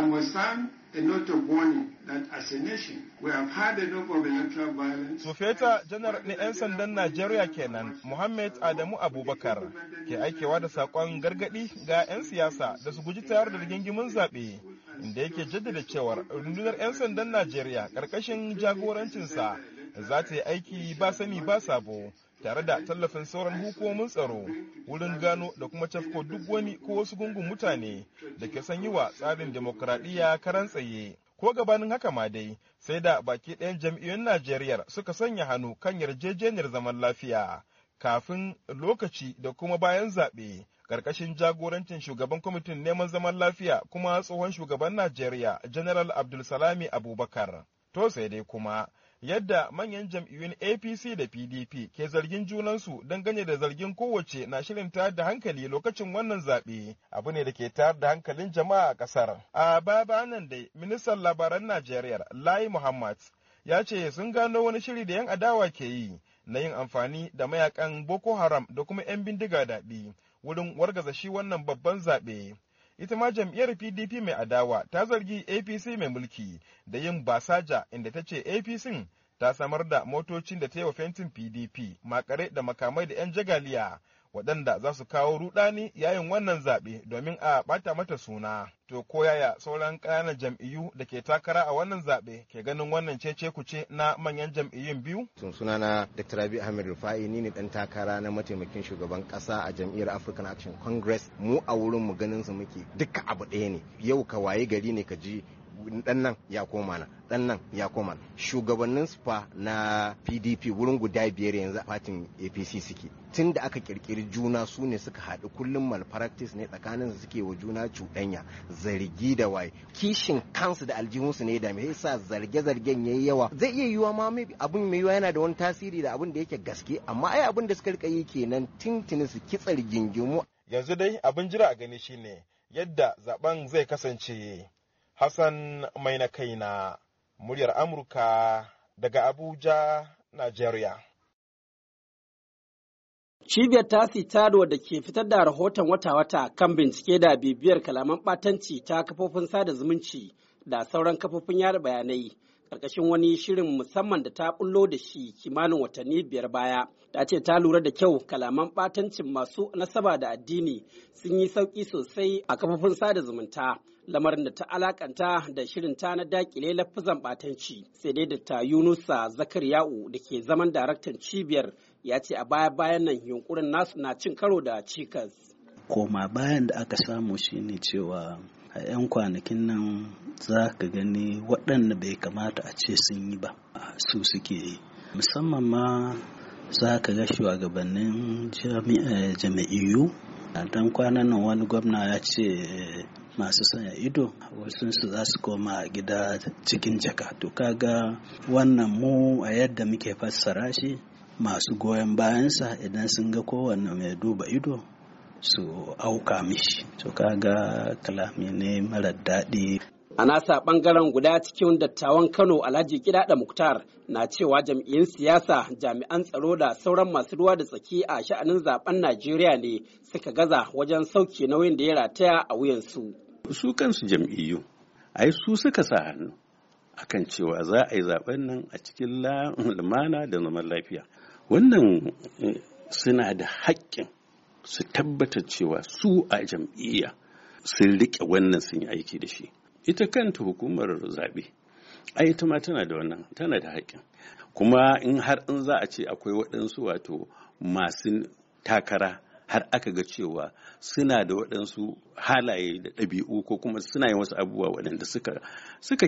I a note of warning that as a nation, we have had enough of electoral violence. Sufeta janar na 'yan sandan Najeriya kenan, Muhammad Adamu Abubakar, ke aikewa da saƙon gargaɗi ga 'yan siyasa da su guji tayar da rigingimin zaɓe. Inda yake jaddada cewar rundunar 'yan sandan Najeriya ƙarƙashin jagorancinsa za ta yi aiki ba sani ba sabo tare da tallafin sauran hukumomin tsaro wurin gano da kuma tafko duk wani ko wasu gungun mutane da ke sanyi wa tsarin demokuraɗiyya karan tsaye. Ko gabanin haka ma dai sai da baki ɗayan jam'iyyun Najeriya suka sanya hannu kan yarjejeniyar zaman lafiya kafin lokaci da kuma bayan zaɓe ƙarƙashin jagorancin shugaban kwamitin neman zaman lafiya kuma tsohon shugaban Najeriya General Abdulsalami Abubakar. To sai dai kuma yadda manyan jam'iyyun apc da pdp ke zargin junansu don dangane da zargin kowace na shirin tayar da hankali lokacin wannan zaɓe abu ne da ke tayar da hankalin jama'a a ƙasar a baya nan dai ministan labaran najeriya lai muhammad ya ce sun gano wani shiri da yan adawa ke yi na yin amfani da mayakan boko haram da kuma 'yan bindiga daɗi wurin wargaza shi wannan babban zaɓe ita ma jam'iyyar pdp mai adawa ta zargi apc mai mulki da yin basaja inda ta ce apc ta samar da motocin da ta yi wa fentin pdp makare da makamai da 'yan jagaliya waɗanda za su kawo rudani yayin wannan zaɓe domin a ɓata mata suna. To ko yaya sauran ƙananan jam'iyyu da ke takara a wannan zaɓe ke ganin wannan cece kuce na manyan jam'iyyun biyu? Sun na Dr. Rabi Ahmed Rufai ni ne ɗan takara na mataimakin shugaban ƙasa a jam'iyyar African Action Congress mu a wurin mu ganin su muke duka abu ɗaya ne. Yau ka waye gari ne ka ji dan nan ya koma na dan nan ya koma shugabannin spa na pdp wurin guda biyar yanzu a fatin apc suke tun da aka kirkiri juna su ne suka haɗu kullum malpractice ne tsakanin suke wa juna cuɗanya zargi da waye kishin kansu da aljihunsu ne da mai sa zarge-zargen yayi yawa zai iya yiwa ma abin mai yiwa yana da wani tasiri da abin da yake gaske amma ai abin da suka rika yi kenan tintini su kitsar gingimu. yanzu dai abin jira a gani shine yadda zaben zai kasance Hassan mai na kai na muryar Amurka daga Abuja, Najeriya. Cibiyar tasi taro da ke fitar da rahoton wata-wata kan bincike da bibiyar kalaman ɓatanci ta kafofin sada zumunci da sauran kafofin yada bayanai ƙarƙashin wani shirin musamman da ta bullo da shi kimanin watanni biyar baya ta ce ta lura da kyau kalaman ɓatancin masu nasaba da addini sun yi sauƙi sosai a kafofin sada zumunta lamarin da ta alakanta da shirin ta na dakile lafizan ɓatanci sai dai da ta yunusa zakariya'u da ke zaman daraktan cibiyar ya ce a baya bayan nan yunkurin nasu na cin karo da cikas koma bayan da aka samu shine cewa a 'yan kwanakin nan za ka gani waɗanda bai kamata a ce sun yi ba su suke yi musamman ma za ka ga shugabannin eh, A dan kwanan nan wani gwamna ya ce eh, masu sanya ido su za su koma gida cikin jaka to kaga wannan mu a yadda muke fassara shi masu goyon bayansa idan sun ga kowanne mai duba ido su auka mishi to kaga kalami ne mara daɗi A nasa bangaren guda cikin dattawan Kano Alhaji da Muktar na cewa jam'iyyun siyasa jami'an tsaro da sauran masu ruwa da tsaki a sha'anin zaben Najeriya ne suka gaza wajen sauke nauyin da ya rataya a wuyansu. Su kansu jam'iyyu, ai su suka sa hannu akan cewa za a yi zaben nan a cikin lumana da zaman lafiya. Wannan eh, suna da haƙƙin su tabbatar cewa su a jam'iyya sun riƙe wannan sun yi aiki da shi. ita kanta hukumar zaɓe ai ita ma tana da wannan tana da haƙƙin kuma in har in za a ce akwai waɗansu wato masu takara har aka ga cewa suna da waɗansu halaye da ɗabi'u ko kuma suna yin wasu abubuwa waɗanda suka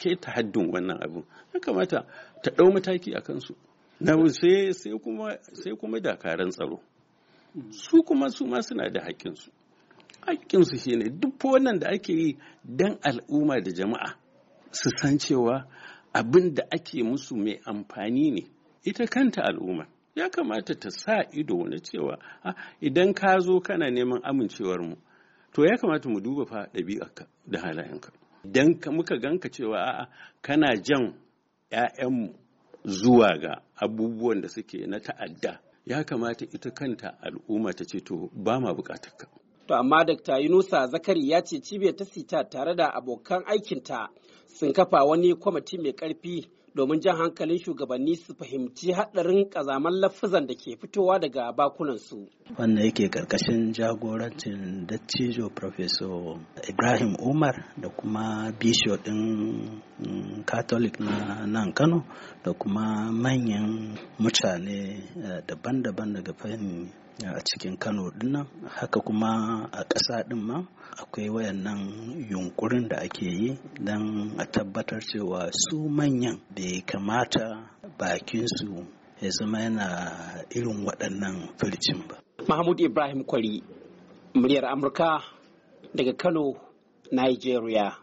keta haddin wannan abu ya kamata ta ɗau mataki a kansu na sai kuma dakaran tsaro su kuma su ma suna da haƙƙinsu su shine duk wannan da ake yi don al'umma da jama'a su san cewa abin da ake musu mai amfani ne ita kanta al'umma ya kamata ta sa ido na cewa ah, idan ka zo kana neman amincewar mu to ya kamata mu duba fa ɗabi'arka da halayenka idan muka ganka cewa a'a kana jan 'ya'yanmu zuwa ga abubuwan da suke na ta'adda ya kamata ita kanta al'umma ta ce to ba ma bukatarka To amma Dr. Yunusa Zakari ya ce cibiyar ta sita tare da abokan aikinta sun kafa wani kwamiti mai ƙarfi domin jan hankalin shugabanni su fahimci haɗarin ƙazaman lafazan da ke fitowa daga su. Wannan yake ƙarƙashin jagorancin dattijo Professor Ibrahim Umar da kuma bisho ɗin mm, Catholic na nan Kano da kuma manyan mutane eh, daban-daban daga fahimci a cikin kano dinnan haka kuma a ƙasa din ma akwai wayannan yunkurin da ake yi don a tabbatar cewa su manyan bai kamata bakin su ya zama yana irin waɗannan fircin ba mahmud ibrahim kwari muryar amurka daga kano nigeria